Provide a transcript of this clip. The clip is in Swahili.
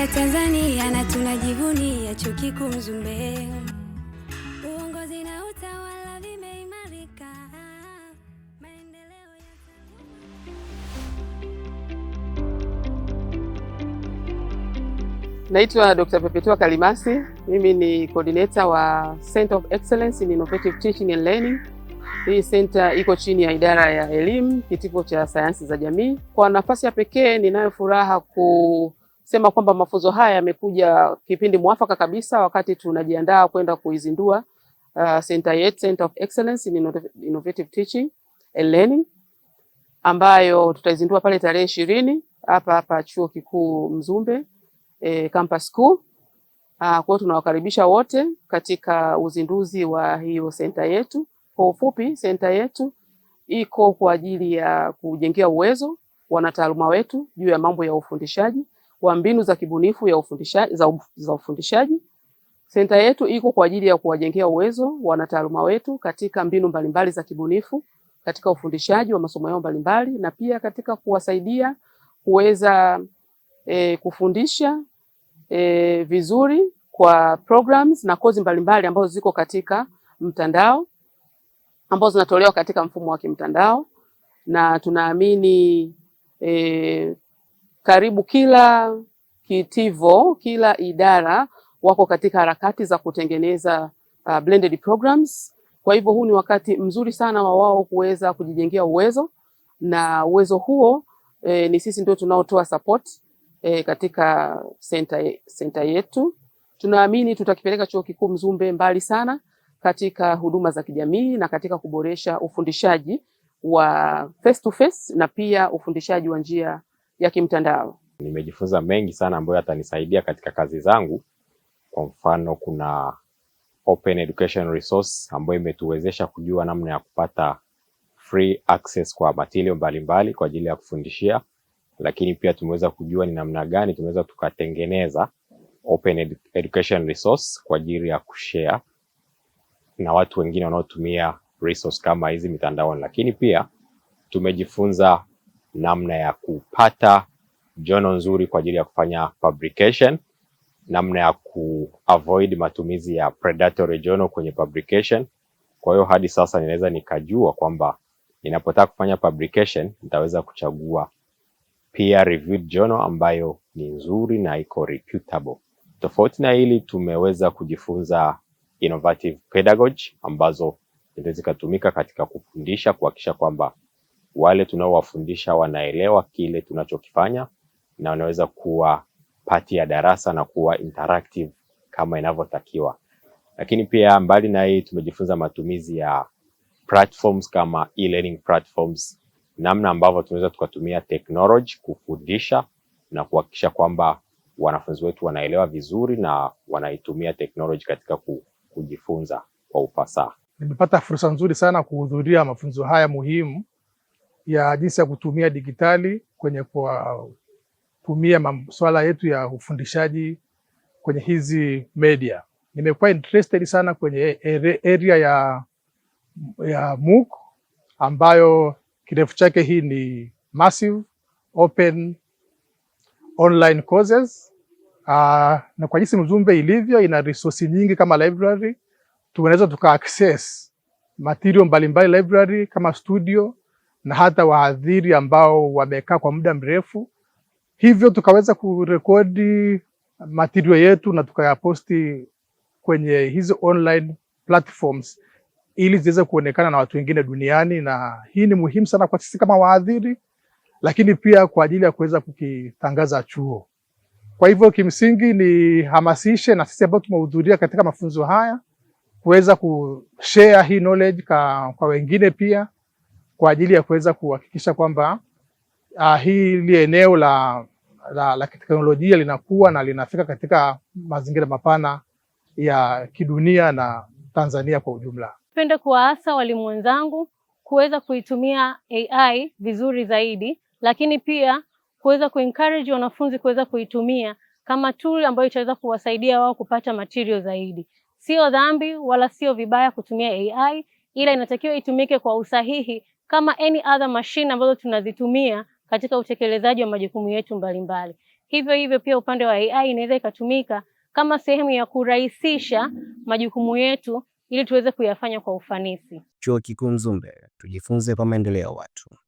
ya Tanzania na tunajivunia chuo kikuu Mzumbe. Naitwa Dr. Pepetua Kalimasi, mimi ni coordinator wa Center of Excellence in Innovative Teaching and Learning. Hii center iko chini ya idara ya elimu, kitivo cha sayansi za jamii. Kwa nafasi ya pekee ninayo furaha ku sema kwamba mafunzo haya yamekuja kipindi mwafaka kabisa, wakati tunajiandaa kwenda kuizindua uh, Center yet Center of Excellence in Innovative Teaching and Learning ambayo tutaizindua pale tarehe ishirini hapa hapa Chuo Kikuu Mzumbe e, Campus School. Uh, kwa tunawakaribisha wote katika uzinduzi wa hiyo senta yetu. Kwa ufupi, center yetu iko kwa ajili ya kujengea uwezo wanataaluma wetu juu ya mambo ya ufundishaji wa mbinu za kibunifu ya ufundishaji, za, za ufundishaji. Senta yetu iko kwa ajili ya kuwajengea uwezo wanataaluma wetu katika mbinu mbalimbali za kibunifu katika ufundishaji wa masomo yao mbalimbali na pia katika kuwasaidia kuweza e, kufundisha e, vizuri kwa programs na kozi mbalimbali ambazo ziko katika mtandao ambazo zinatolewa katika mfumo wa kimtandao na tunaamini e, karibu kila kitivo, kila idara wako katika harakati za kutengeneza uh, blended programs. Kwa hivyo huu ni wakati mzuri sana wa wao kuweza kujijengea uwezo na uwezo huo e, ni sisi ndio tunaotoa support e, katika center, center yetu. Tunaamini tutakipeleka Chuo Kikuu Mzumbe mbali sana katika huduma za kijamii na katika kuboresha ufundishaji wa face to face na pia ufundishaji wa njia ya kimtandao. Nimejifunza mengi sana ambayo yatanisaidia katika kazi zangu. Kwa mfano, kuna Open Education Resource ambayo imetuwezesha kujua namna ya kupata free access kwa material mbalimbali kwa ajili ya kufundishia, lakini pia tumeweza kujua ni namna gani tumeweza tukatengeneza Open ed Education Resource kwa ajili ya kushare na watu wengine wanaotumia resource kama hizi mitandaoni, lakini pia tumejifunza namna ya kupata jono nzuri kwa ajili ya kufanya fabrication, namna ya kuavoid matumizi ya predatory jono kwenye fabrication. Kwa hiyo hadi sasa ninaweza nikajua kwamba ninapotaka kufanya fabrication nitaweza kuchagua peer reviewed jono ambayo ni nzuri na iko reputable. Tofauti na hili, tumeweza kujifunza innovative pedagogy ambazo zinaweza zikatumika katika kufundisha, kuhakikisha kwamba wale tunaowafundisha wanaelewa kile tunachokifanya na wanaweza kuwa pati ya darasa na kuwa interactive kama inavyotakiwa. Lakini pia mbali na hii, tumejifunza matumizi ya platforms kama e-learning platforms, namna ambavyo tunaweza tukatumia technology kufundisha na kuhakikisha kwamba wanafunzi wetu wanaelewa vizuri na wanaitumia technology katika kujifunza kwa ufasaha. Nimepata fursa nzuri sana kuhudhuria mafunzo haya muhimu ya jinsi ya kutumia digitali kwenye kuwatumia masuala yetu ya ufundishaji kwenye hizi media. Nimekuwa interested sana kwenye area ya, ya MOOC ambayo kirefu chake hii ni Massive Open Online Courses. Uh, na kwa jinsi Mzumbe ilivyo ina resource nyingi kama library, tunaweza tuka access material mbalimbali library kama studio na hata wahadhiri ambao wamekaa kwa muda mrefu, hivyo tukaweza kurekodi matirio yetu na tukayaposti kwenye hizo online platforms ili ziweze kuonekana na watu wengine duniani, na hii ni muhimu sana kwa sisi kama wahadhiri, lakini pia kwa ajili ya kuweza kukitangaza chuo. Kwa hivyo kimsingi ni hamasishe na sisi ambao tumehudhuria katika mafunzo haya kuweza kushare hii knowledge kwa wengine pia kwa ajili ya kuweza kuhakikisha kwamba uh, ah, hili eneo la, la, la teknolojia linakuwa na linafika katika mazingira mapana ya kidunia na Tanzania kwa ujumla. Napenda kuwaasa walimu wenzangu kuweza kuitumia AI vizuri zaidi, lakini pia kuweza kuencourage wanafunzi kuweza kuitumia kama tool ambayo itaweza kuwasaidia wao kupata material zaidi. Sio dhambi wala sio vibaya kutumia AI, ila inatakiwa itumike kwa usahihi kama any other machine ambazo tunazitumia katika utekelezaji wa majukumu yetu mbalimbali. Hivyo hivyo pia upande wa AI inaweza ikatumika kama sehemu ya kurahisisha majukumu yetu ili tuweze kuyafanya kwa ufanisi. Chuo Kikuu Mzumbe, tujifunze kwa maendeleo ya watu.